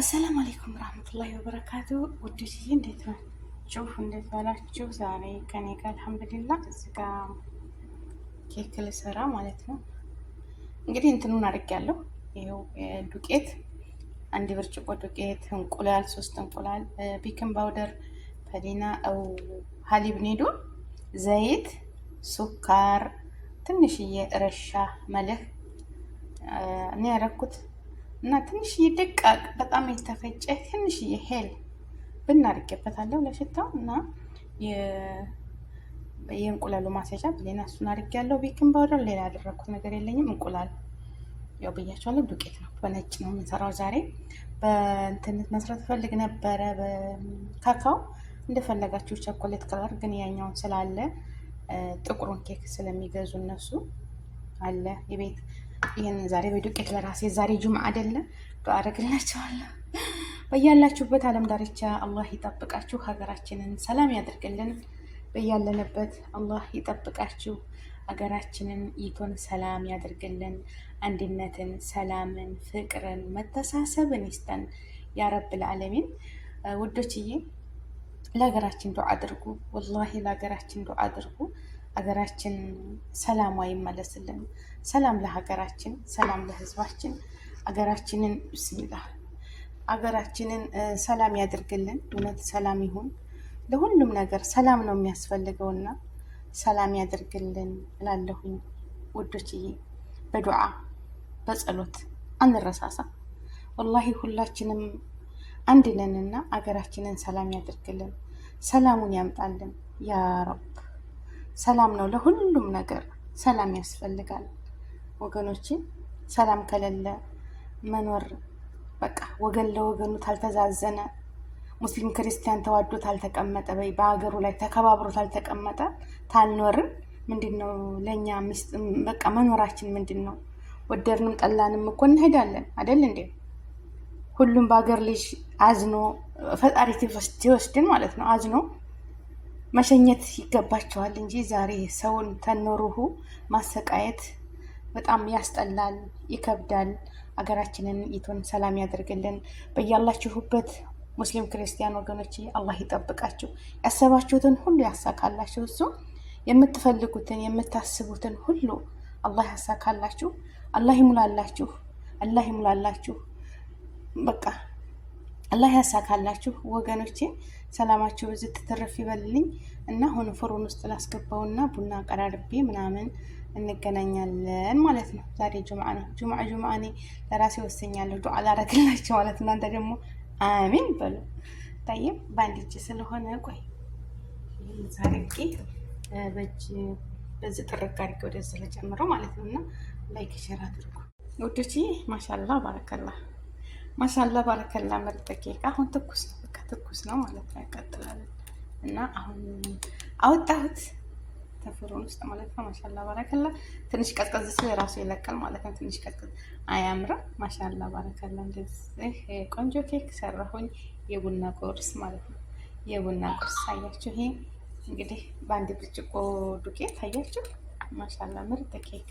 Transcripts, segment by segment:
አሰላም አለይኩም ረህመቱላሂ ወበረካቱ። ውድዬ እንዴት ናችሁ? እንዴት ዋላችሁ? ዛሬ ከኔ ጋር አልሐምዱሊላህ እዚህ ጋ ኬክ ልሰራ ማለት ነው። እንግዲህ እንትኑን አድርጌያለሁ። ይኸው ዱቄት አንድ ብርጭቆ ዱቄት፣ እንቁላል ሶስት እንቁላል፣ ቤኪንግ ፓውደር፣ ፐዲና ው ሀሊብ ኔዶ፣ ዘይት፣ ሱካር፣ ትንሽዬ ረሻ መልህ እኔ ያደረኩት እና ትንሽዬ ደቃቅ በጣም የተፈጨ ትንሽዬ ሄል ብናርጌበታለሁ ለሽታው እና የእንቁላሉ ማስያዣ ብሌና እሱን አርግ ያለው ቤኪንግ ፓውደር ሌላ ያደረግኩት ነገር የለኝም። እንቁላል ያው ብያቸዋለሁ፣ ዱቄት ነው። በነጭ ነው የምንሰራው ዛሬ። በእንትነት መስራት ፈልግ ነበረ በካካው እንደፈለጋችሁ ቸኮሌት ከለር፣ ግን ያኛውን ስላለ ጥቁሩን ኬክ ስለሚገዙ እነሱ አለ የቤት ይህንን ዛሬ በዱቄት ለራሴ ዛሬ ጁምዓ አይደለም ዱዓ በያላችሁበት ዓለም ዳርቻ አላህ ይጠብቃችሁ፣ ሀገራችንን ሰላም ያደርግልን። በያለንበት አላህ ይጠብቃችሁ፣ ሀገራችንን ይቶን ሰላም ያደርግልን። አንድነትን፣ ሰላምን፣ ፍቅርን፣ መተሳሰብን ይስጠን ያረብ ረብል ውዶችዬ ለሀገራችን ዱዓ አድርጉ፣ ወላሂ ለሀገራችን ዱዓ አድርጉ። አገራችን ሰላሟ ይመለስልን። ሰላም ለሀገራችን፣ ሰላም ለህዝባችን አገራችንን ብስሚላ አገራችንን ሰላም ያድርግልን። እውነት ሰላም ይሁን ለሁሉም ነገር ሰላም ነው የሚያስፈልገውና ሰላም ያድርግልን እላለሁኝ ውዶችዬ። በዱዓ በጸሎት አንረሳሳ። ወላሂ ሁላችንም አንድ ነንና አገራችንን ሰላም ያድርግልን፣ ሰላሙን ያምጣልን ያ ረብ ሰላም ነው ለሁሉም ነገር ሰላም ያስፈልጋል ወገኖቼ። ሰላም ከሌለ መኖር በቃ ወገን ለወገኑ ታልተዛዘነ፣ ሙስሊም ክርስቲያን ተዋዶ ታልተቀመጠ፣ በሀገሩ ላይ ተከባብሮ ታልተቀመጠ ታልኖርን ምንድን ነው ለእኛ በቃ መኖራችን ምንድን ነው? ወደድንም ጠላንም እኮ እንሄዳለን አደል እንዴ? ሁሉም በሀገር ልጅ አዝኖ ፈጣሪ ሲወስድን ማለት ነው አዝኖ መሸኘት ይገባቸዋል እንጂ ዛሬ ሰውን ተኖሩሁ ማሰቃየት በጣም ያስጠላል፣ ይከብዳል። አገራችንን ይቶን ሰላም ያደርግልን። በያላችሁበት ሙስሊም ክርስቲያን ወገኖች አላህ ይጠብቃችሁ። ያሰባችሁትን ሁሉ ያሳካላችሁ። እሱ የምትፈልጉትን የምታስቡትን ሁሉ አላህ ያሳካላችሁ። አላህ ይሙላላችሁ። አላህ ይሙላላችሁ። በቃ አላህ ያሳካላችሁ ወገኖቼ። ሰላማችሁ ብዙ ትትርፍ ይበልልኝ እና ሆኖ ፎሮን ውስጥ ላስገባውና ቡና አቀራርቤ ምናምን እንገናኛለን ማለት ነው። ዛሬ ጁምዓ ነው። ጁምዓ ጁምዓ እኔ ለራሴ ወሰኛለሁ። ዱዓ ላረግላቸው ማለት እናንተ ደግሞ አሚን በሉ። ታይም በአንድ እጅ ስለሆነ ቆይ ዛሬቄ በእጅ በዚህ ጥርቅ አድርጌ ወደዚ ለጨምረው ማለት ነው እና ላይክ ሸር አድርጉ ውዶች። ማሻላ ባረከላ፣ ማሻላ ባረከላ። ምርጥ አሁን ትኩስ ነው። ትኩስ ነው ማለት ነው። ያቀጥላል እና አሁን አወጣሁት ተፍሮን ውስጥ ማለት ነው። ማሻላ ባረከላ። ትንሽ ቀዝቀዝ ሲል ራሱ ማለት ነው። ትንሽ ቀዝቀዝ አያምርም? ማሻላ ባረከላ። እንደዚህ ቆንጆ ኬክ ሰራሁኝ። የቡና ቁርስ ማለት ነው። የቡና ቁርስ ታያችሁ። ይሄ እንግዲህ በአንድ ብርጭቆ ዱቄት ታያችሁ። ማሻላ ምርጥ ኬክ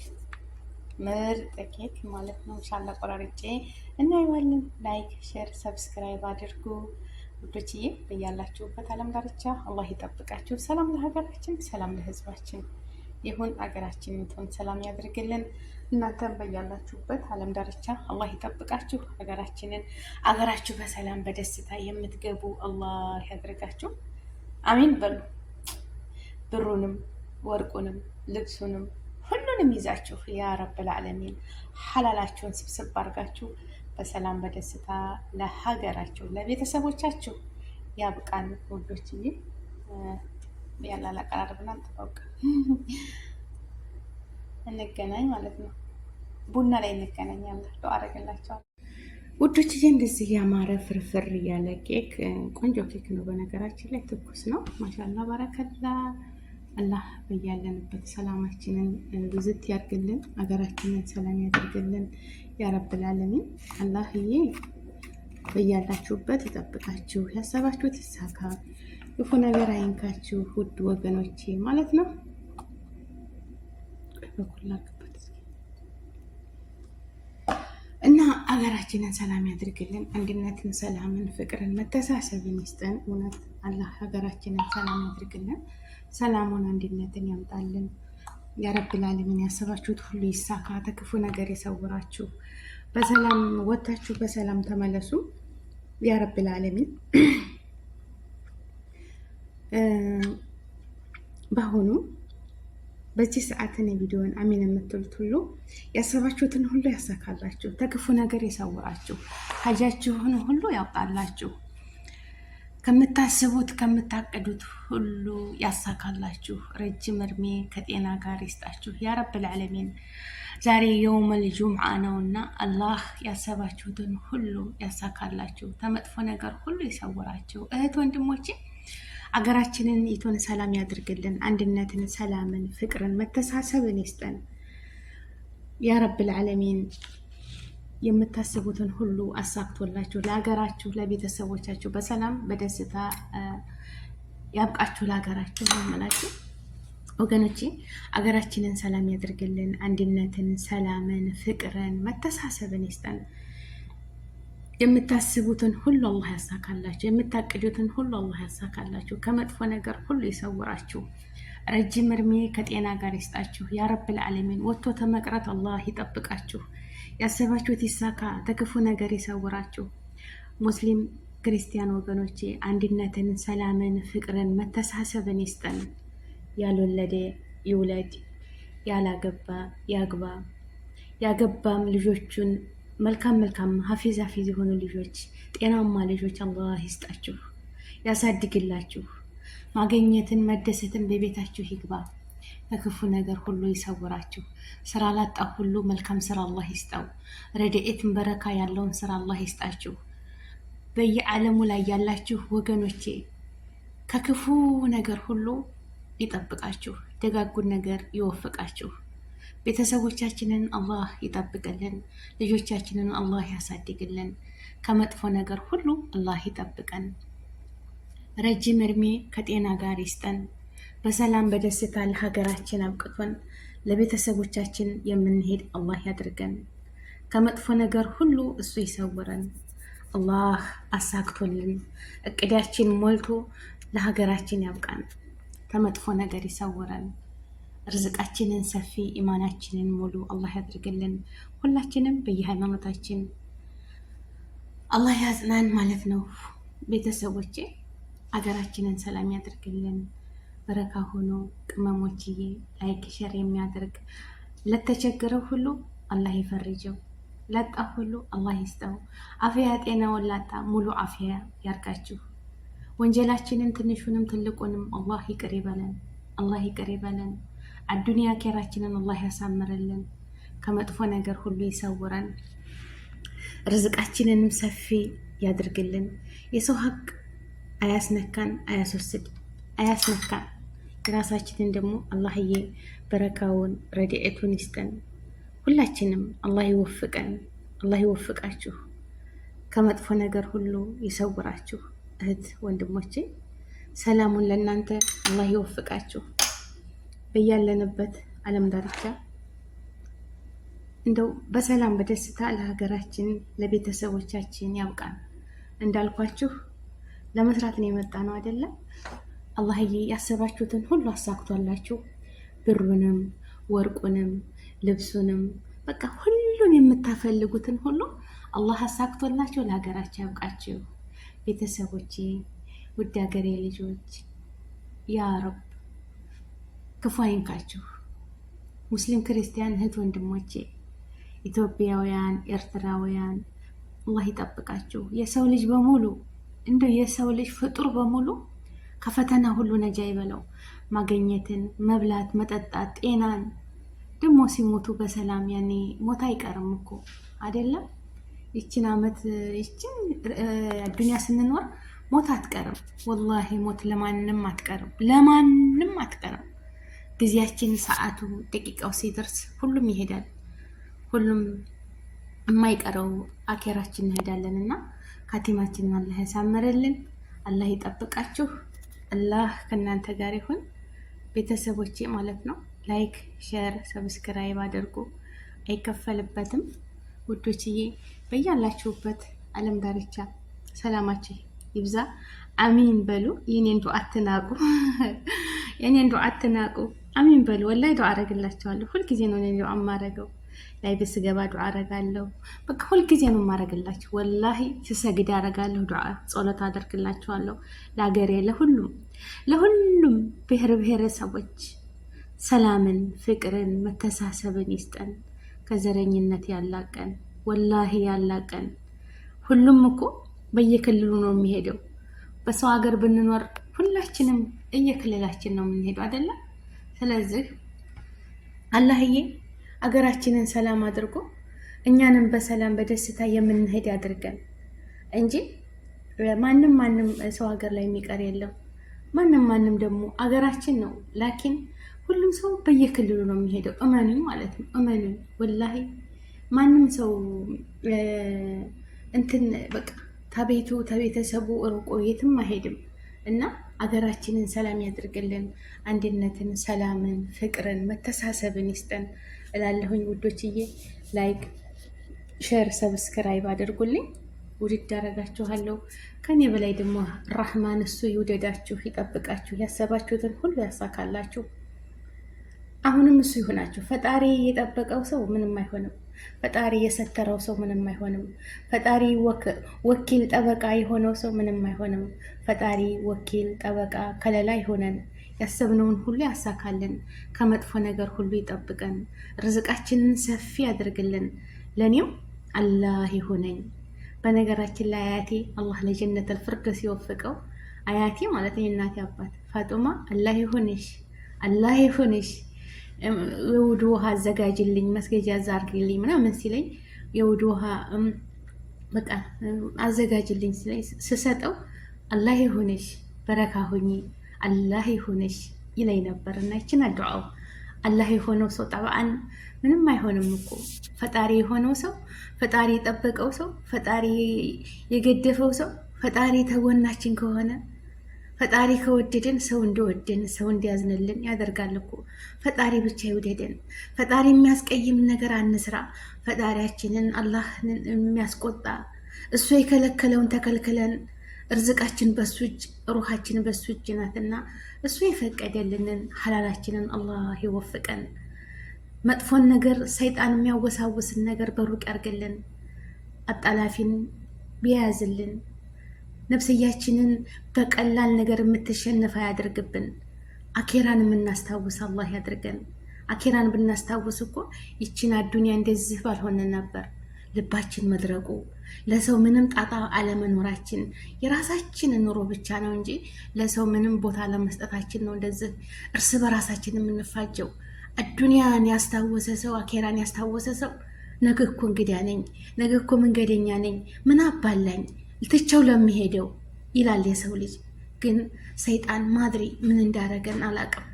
ምርጥ ኬክ ማለት ነው። ማሻላ ቆራርጬ እናየዋለን። ላይክ፣ ሼር፣ ሰብስክራይብ አድርጉ። ውዶችዬ በያላችሁበት ዓለም ዳርቻ አላህ ይጠብቃችሁ። ሰላም ለሀገራችን፣ ሰላም ለሕዝባችን ይሁን። አገራችንን ጦን ሰላም ያድርግልን። እናንተም በያላችሁበት ዓለም ዳርቻ አላህ ይጠብቃችሁ። ሀገራችንን አገራችሁ በሰላም በደስታ የምትገቡ አላህ ያድርጋችሁ። አሚን በሉ። ብሩንም ወርቁንም ልብሱንም ሁሉንም ይዛችሁ ያ ረብል ዓለሚን ሐላላችሁን ስብስብ አድርጋችሁ በሰላም በደስታ ለሀገራቸው ለቤተሰቦቻቸው ያብቃን። ውዶች ይ ያላል አቀራረብና እንጠባውቅ እንገናኝ ማለት ነው። ቡና ላይ እንገናኛለን። ዶ አደረግላቸዋል ውዶች ዬ እንደዚህ ያማረ ፍርፍር እያለ ኬክ፣ ቆንጆ ኬክ ነው። በነገራችን ላይ ትኩስ ነው። ማሻላ ባረከላ። አላህ በያለንበት ሰላማችንን ብዝት ያርግልን። ሀገራችንን ሰላም ያደርግልን። ያረብል ዓለሚን አላህዬ በያላችሁበት ይጠብቃችሁ፣ ያሰባችሁት ይሳካ፣ ክፉ ነገር አይንካችሁ ውድ ወገኖቼ ማለት ነው። እና ሀገራችንን ሰላም ያድርግልን፣ አንድነትን፣ ሰላምን፣ ፍቅርን፣ መተሳሰብን ይስጠን። እውነት አላህ ሀገራችንን ሰላም ያድርግልን፣ ሰላሙን አንድነትን ያምጣልን። ያረብላል ምን ያሰባችሁት ሁሉ ይሳካ። ተክፉ ነገር የሰውራችሁ በሰላም ወጥታችሁ በሰላም ተመለሱ። ያረብል አለሚን በአሁኑ በዚህ ሰዓት እኔ ቪዲዮን አሚን የምትሉት ሁሉ ያሰባችሁትን ሁሉ ያሳካላችሁ። ተክፉ ነገር የሰውራችሁ ሀጃችሁን ሁሉ ያውጣላችሁ። ከምታስቡት ከምታቅዱት ሁሉ ያሳካላችሁ። ረጅም እድሜ ከጤና ጋር ይስጣችሁ ያረብል ልዓለሚን። ዛሬ የውመል ጁምዓ ነውና አላህ ያሰባችሁትን ሁሉ ያሳካላችሁ፣ ተመጥፎ ነገር ሁሉ ይሰውራችሁ። እህት ወንድሞቼ አገራችንን ይቶን ሰላም ያድርግልን። አንድነትን፣ ሰላምን፣ ፍቅርን፣ መተሳሰብን ይስጠን ያረብል ልዓለሚን። የምታስቡትን ሁሉ አሳክቶላችሁ ለሀገራችሁ ለቤተሰቦቻችሁ በሰላም በደስታ ያብቃችሁ። ለሀገራችሁ መላችሁ ወገኖች አገራችንን ሰላም ያድርግልን። አንድነትን፣ ሰላምን፣ ፍቅርን፣ መተሳሰብን ይስጠን። የምታስቡትን ሁሉ አላህ ያሳካላችሁ። የምታቅዱትን ሁሉ አላህ ያሳካላችሁ። ከመጥፎ ነገር ሁሉ ይሰውራችሁ። ረጅም እድሜ ከጤና ጋር ይስጣችሁ። ያ ረብል ዓለሚን ወጥቶ ተመቅረት አላህ ይጠብቃችሁ። ያሰባችሁት ይሳካ፣ ተክፉ ነገር ይሰውራችሁ። ሙስሊም ክርስቲያን ወገኖቼ አንድነትን፣ ሰላምን፣ ፍቅርን፣ መተሳሰብን ይስጠን። ያልወለደ ይውለድ፣ ያላገባ ያግባ፣ ያገባም ልጆቹን መልካም መልካም ሀፊዝ ሀፊዝ የሆኑ ልጆች፣ ጤናማ ልጆች አላህ ይስጣችሁ፣ ያሳድግላችሁ። ማግኘትን መደሰትን በቤታችሁ ይግባ። ከክፉ ነገር ሁሉ ይሰውራችሁ። ስራ ላጣ ሁሉ መልካም ስራ አላህ ይስጣው። ረድኤትን በረካ ያለውን ስራ አላህ ይስጣችሁ። በየዓለሙ ላይ ያላችሁ ወገኖቼ ከክፉ ነገር ሁሉ ይጠብቃችሁ። ደጋጉን ነገር ይወፍቃችሁ። ቤተሰቦቻችንን አላህ ይጠብቅልን። ልጆቻችንን አላህ ያሳድግልን። ከመጥፎ ነገር ሁሉ አላህ ይጠብቀን። ረጅም እድሜ ከጤና ጋር ይስጠን። በሰላም በደስታ ለሀገራችን አብቅቶን ለቤተሰቦቻችን የምንሄድ አላህ ያድርገን። ከመጥፎ ነገር ሁሉ እሱ ይሰውረን። አላህ አሳክቶልን እቅዳችን ሞልቶ ለሀገራችን ያብቃን። ከመጥፎ ነገር ይሰውረን። ርዝቃችንን ሰፊ፣ ኢማናችንን ሙሉ አላህ ያድርግልን። ሁላችንም በየሃይማኖታችን አላህ ያጽናን ማለት ነው። ቤተሰቦቼ ሀገራችንን ሰላም ያድርግልን። በረካ ሆኖ ቅመሞችዬ ላይክ ሸር የሚያደርግ ለተቸገረው ሁሉ አላህ ይፈርጀው። ላጣ ሁሉ አላህ ይስጠው አፍያ ጤናውን ላጣ ሙሉ አፍያ ያርጋችሁ። ወንጀላችንን ትንሹንም ትልቁንም አላህ ይቅር ይበለን። አላህ ይቅር ይበለን። አዱንያ ኬራችንን አላህ ያሳምርልን። ከመጥፎ ነገር ሁሉ ይሰውረን። ርዝቃችንንም ሰፊ ያድርግልን። የሰው ሀቅ አያስነካን፣ አያስወስድ፣ አያስነካን። ራሳችንን ደግሞ አላህዬ በረካውን ረድኤቱን ይስጠን። ሁላችንም አላህ ይወፍቀን፣ አላህ ይወፍቃችሁ፣ ከመጥፎ ነገር ሁሉ ይሰውራችሁ። እህት ወንድሞቼ ሰላሙን ለእናንተ አላህ ይወፍቃችሁ። በያለንበት ዓለም ዳርቻ እንደው በሰላም በደስታ ለሀገራችን ለቤተሰቦቻችን ያብቃን። እንዳልኳችሁ ለመስራት ነው የመጣ ነው አይደለም አላህዬ ያሰባችሁትን ሁሉ አሳክቷላችሁ። ብሩንም፣ ወርቁንም፣ ልብሱንም በቃ ሁሉን የምታፈልጉትን ሁሉ አላህ አሳክቶላችሁ ለሀገራችሁ ያብቃችሁ። ቤተሰቦቼ፣ ውድ ሀገሬ ልጆች ያ ረብ ክፉ አይንካችሁ። ሙስሊም ክርስቲያን እህት ወንድሞቼ፣ ኢትዮጵያውያን፣ ኤርትራውያን አላህ ይጠብቃችሁ። የሰው ልጅ በሙሉ እንደ የሰው ልጅ ፍጡር በሙሉ ከፈተና ሁሉ ነጃ ይበለው። ማገኘትን መብላት፣ መጠጣት፣ ጤናን ደግሞ ሲሞቱ በሰላም ያኔ ሞት አይቀርም እኮ አይደለም። ይችን አመት ይችን ዱኒያ ስንኖር ሞት አትቀርም። ወላሂ ሞት ለማንም አትቀርም፣ ለማንም አትቀርም። ጊዜያችን፣ ሰዓቱ፣ ደቂቃው ሲደርስ ሁሉም ይሄዳል። ሁሉም የማይቀረው አኬራችን እንሄዳለን እና ካቲማችንን አላህ ያሳምርልን፣ አላህ ይጠብቃችሁ። አላህ ከእናንተ ጋር ይሁን ቤተሰቦቼ ማለት ነው። ላይክ፣ ሼር፣ ሰብስክራይብ አድርጉ፣ አይከፈልበትም ውዶችዬ። በያላችሁበት አለም ዳርቻ ሰላማችሁ ይብዛ። አሚን በሉ። የኔን ዱዓ አትናቁ፣ የኔን ዱዓ አትናቁ። አሚን በሉ። ወላሂ ዱዓ አደርግላችኋለሁ። ሁልጊዜ ነው እኔ ዱዓ የማደርገው። ላይቭ ስገባ ዱዓ አረጋለሁ። በቃ ሁልጊዜ ነው የማረግላችሁ። ወላሂ ስሰግድ አረጋለሁ፣ ዱዓ ጸሎት አደርግላችኋለሁ። ለሀገሬ፣ ለሁሉም ለሁሉም ብሔር ብሔረሰቦች ሰላምን፣ ፍቅርን፣ መተሳሰብን ይስጠን። ከዘረኝነት ያላቀን፣ ወላሂ ያላቀን። ሁሉም እኮ በየክልሉ ነው የሚሄደው። በሰው ሀገር ብንኖር ሁላችንም እየክልላችን ነው የምንሄደው አይደለም? ስለዚህ አላህዬ አገራችንን ሰላም አድርጎ እኛንም በሰላም በደስታ የምንሄድ ያድርገን እንጂ ማንም ማንም ሰው ሀገር ላይ የሚቀር የለም። ማንም ማንም ደግሞ አገራችን ነው። ላኪን ሁሉም ሰው በየክልሉ ነው የሚሄደው። እመኑ ማለት ነው። እመኑ ወላሂ ማንም ሰው እንትን በቃ ከቤቱ ተቤተሰቡ ርቆ የትም አይሄድም እና አገራችንን ሰላም ያድርግልን። አንድነትን፣ ሰላምን፣ ፍቅርን፣ መተሳሰብን ይስጠን። እላለሁኝ ውዶችዬ። ላይክ፣ ሼር፣ ሰብስክራይብ አድርጉልኝ። ውድድ አረጋችኋለሁ። ከኔ በላይ ደግሞ ራህማን እሱ ይውደዳችሁ፣ ይጠብቃችሁ፣ ያሰባችሁትን ሁሉ ያሳካላችሁ። አሁንም እሱ ይሆናችሁ። ፈጣሪ የጠበቀው ሰው ምንም አይሆንም። ፈጣሪ የሰተረው ሰው ምንም አይሆንም። ፈጣሪ ወኪል ጠበቃ የሆነው ሰው ምንም አይሆንም። ፈጣሪ ወኪል ጠበቃ ከለላ ይሆነን። ያሰብነውን ሁሉ ያሳካልን፣ ከመጥፎ ነገር ሁሉ ይጠብቀን፣ ርዝቃችንን ሰፊ ያደርግልን። ለእኔም አላህ ይሆነኝ። በነገራችን ላይ አያቴ አላህ ለጀነት አልፍርደውስ ሲወፍቀው አያቴ ማለት እናቴ አባት ፋጡማ አላህ ይሆንሽ፣ አላህ ይሆንሽ፣ የውድ ውሃ አዘጋጅልኝ፣ መስገጃ አርግልኝ ምናምን ሲለኝ የውድ ውሃ በቃ አዘጋጅልኝ ስሰጠው አላህ ይሆንሽ፣ በረካ ሁኚ አላህ ይሁንሽ ይለኝ ነበር እና ይችን አድዋው አላህ የሆነው ሰው ጠብአን ምንም አይሆንም እኮ ፈጣሪ የሆነው ሰው ፈጣሪ የጠበቀው ሰው ፈጣሪ የገደፈው ሰው ፈጣሪ ተጎናችን ከሆነ ፈጣሪ ከወደደን ሰው እንደወደን ሰው እንዲያዝንልን ያደርጋል እኮ። ፈጣሪ ብቻ ይውደደን። ፈጣሪ የሚያስቀይም ነገር አንስራ። ፈጣሪያችንን አላህን የሚያስቆጣ እሱ የከለከለውን ተከልክለን እርዝቃችን በሱ እጅ ሩሃችን በሱ እጅ ናትና እሱ የፈቀደልንን ሀላላችንን አላህ ይወፍቀን። መጥፎን ነገር ሰይጣን የሚያወሳውስን ነገር በሩቅ ያርግልን። አጣላፊን ቢያያዝልን። ነፍስያችንን በቀላል ነገር የምትሸነፍ አያደርግብን። አኬራን የምናስታውስ አላህ ያድርገን። አኬራን ብናስታውስ እኮ ይችን አዱኒያ እንደዚህ ባልሆነ ነበር። ልባችን መድረቁ ለሰው ምንም ጣጣ አለመኖራችን የራሳችን ኑሮ ብቻ ነው እንጂ ለሰው ምንም ቦታ ለመስጠታችን ነው። እንደዚህ እርስ በራሳችን የምንፋጀው አዱንያን ያስታወሰ ሰው አኬራን ያስታወሰ ሰው ነገ እኮ ነኝ፣ ነገ እኮ መንገደኛ ነኝ፣ ምን አባላኝ ልትቸው ለሚሄደው ይላል የሰው ልጅ። ግን ሰይጣን ማድሪ ምን እንዳረገን አላቅም።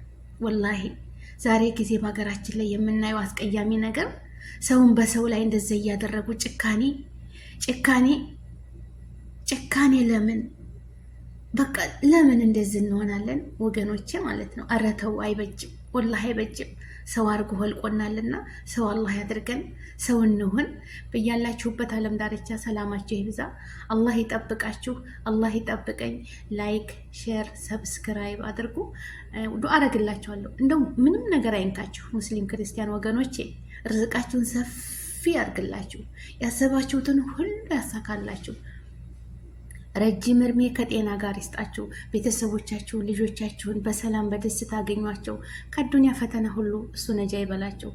ወላሂ ዛሬ ጊዜ በሀገራችን ላይ የምናየው አስቀያሚ ነገር ሰውን በሰው ላይ እንደዚ እያደረጉ ጭካኔ ጭካኔ ጭካኔ ለምን በቃ ለምን እንደዚህ እንሆናለን ወገኖቼ ማለት ነው። ኧረ ተው አይበጅም፣ ወላሂ አይበጅም። ሰው አድርጎ ሆልቆናልና ሰው አላህ ያድርገን፣ ሰው እንሁን። በያላችሁበት አለም ዳርቻ ሰላማችሁ ይብዛ፣ አላህ ይጠብቃችሁ፣ አላህ ይጠብቀኝ። ላይክ፣ ሼር፣ ሰብስክራይብ አድርጉ። ዱ አደርግላችኋለሁ። እንደው ምንም ነገር አይንካችሁ። ሙስሊም ክርስቲያን ወገኖቼ ርዝቃችሁን ሰፊ ያርግላችሁ፣ ያሰባችሁትን ሁሉ ያሳካላችሁ። ረጅም እርሜ ከጤና ጋር ይስጣችሁ። ቤተሰቦቻችሁን፣ ልጆቻችሁን በሰላም በደስታ አገኟቸው። ከአዱንያ ፈተና ሁሉ እሱ ነጃ ይበላችሁ።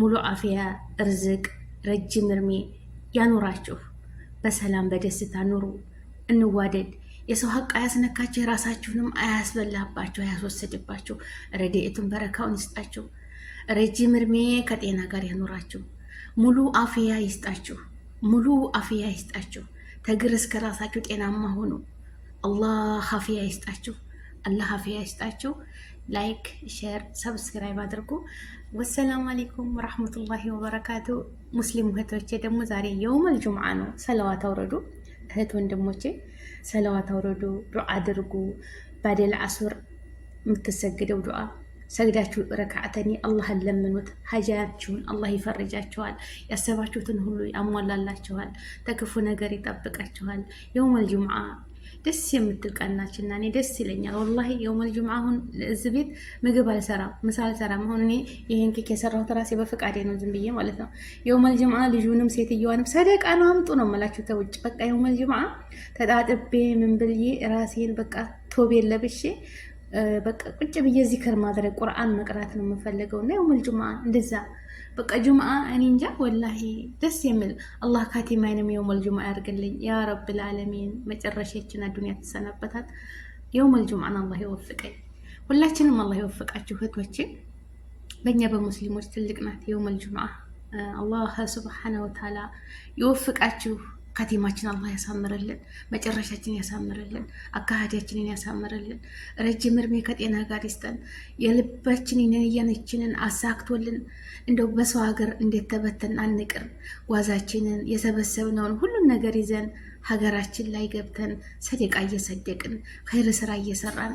ሙሉ አፍያ እርዝቅ፣ ረጅም እርሜ ያኑራችሁ። በሰላም በደስታ ኑሩ። እንዋደድ። የሰው ሀቅ አያስነካችሁ፣ የራሳችሁንም አያስበላባችሁ፣ አያስወሰድባቸው ረድኤቱን በረካውን ይስጣችሁ። ረጅም እርሜ ከጤና ጋር ያኑራችሁ። ሙሉ አፍያ ይስጣችሁ። ሙሉ አፍያ ይስጣችሁ። ከግር እስከ ራሳችሁ ጤናማ ሆኑ። አላህ ሀፊያ ይስጣችሁ። አላህ ሀፊያ ይስጣችሁ። ላይክ፣ ሼር፣ ሰብስክራይብ አድርጉ። ወሰላሙ አሌይኩም ወረሕመቱላሂ ወበረካቱ። ሙስሊም እህቶቼ ደግሞ ዛሬ የውመል ጁምዓ ነው። ሰለዋት አውረዱ። እህት ወንድሞቼ ሰለዋት አውረዱ፣ ዱዓ አድርጉ። ባደል አሱር የምትሰግደው ዱዓ ሰግዳችሁ ረካዕተኒ አላህን ለምኑት። ሀጃያችሁን አላህ ይፈርጃችኋል። ያሰባችሁትን ሁሉ ያሟላላችኋል። ተክፉ ነገር ይጠብቃችኋል። የውመል ጁምዓ ደስ የምትል ቀናችን እና እኔ ደስ ይለኛል ወላሂ። የውመል ጁምዓ አሁን እዚህ ቤት ምግብ አልሰራም፣ ምሳ አልሰራም። አሁን እኔ ይህን ኬክ የሰራሁት ራሴ በፈቃዴ ነው፣ ዝም ብዬ ማለት ነው። የውመል ጁምዓ ልጁንም ሴትዮዋንም ሰደቃ ነው አምጡ ነው የምላችሁ ተውጭ። በቃ የውመል ጁምዓ ተጣጥቤ ምን ብዬ ራሴን በቃ ቶቤ ለብሼ በቃ ቁጭ ብዬ ዚክር ማድረግ ቁርአን መቅራት ነው የምፈልገው። እና የውመል ጁምአ እንደዛ በቃ ጁምአ እኔ እንጃ ወላሂ ደስ የሚል አላህ ካቲማይንም የውመል ጁምአ ያርግልኝ ያ ረብ ልዓለሚን መጨረሻችን አዱንያ ተሰናበታት። የውመል ጁምአን አላህ ይወፍቀኝ፣ ሁላችንም አላህ ይወፍቃችሁ እህቶቼ። በእኛ በሙስሊሞች ትልቅ ናት የውመል ጁምአ። አላህ ስብሓነ ወተዓላ ይወፍቃችሁ። ከቲማችን አላህ ያሳምርልን፣ መጨረሻችን ያሳምርልን፣ አካሃዲያችንን ያሳምርልን። ረጅም እርሜ ከጤና ጋር ይስጠን። የልባችንን የነየነችንን አሳክቶልን እንደው በሰው ሀገር እንዴት ተበተን አንቅር። ጓዛችንን የሰበሰብነውን ሁሉም ነገር ይዘን ሀገራችን ላይ ገብተን ሰደቃ እየሰደቅን ኸይር ስራ እየሰራን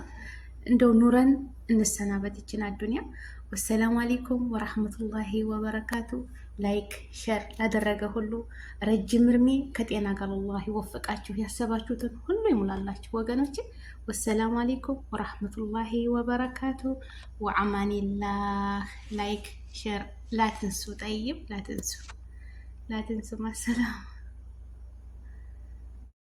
እንደው ኑረን እንሰናበት ይችን አዱንያ። ወሰላሙ አሌይኩም ወራህመቱላሂ ወበረካቱ። ላይክ ሸር ላደረገ ሁሉ ረጅም እርሜ ከጤና ጋር አላህ ይወፍቃችሁ፣ ያሰባችሁትን ሁሉ ይሙላላችሁ ወገኖች። ወሰላሙ አሌይኩም ወራህመቱላሂ ወበረካቱ ወአማኒላህ። ላይክ ሸር ላትንሱ፣ ጠይብ ላትንሱ፣ ላትንሱ። ማሰላም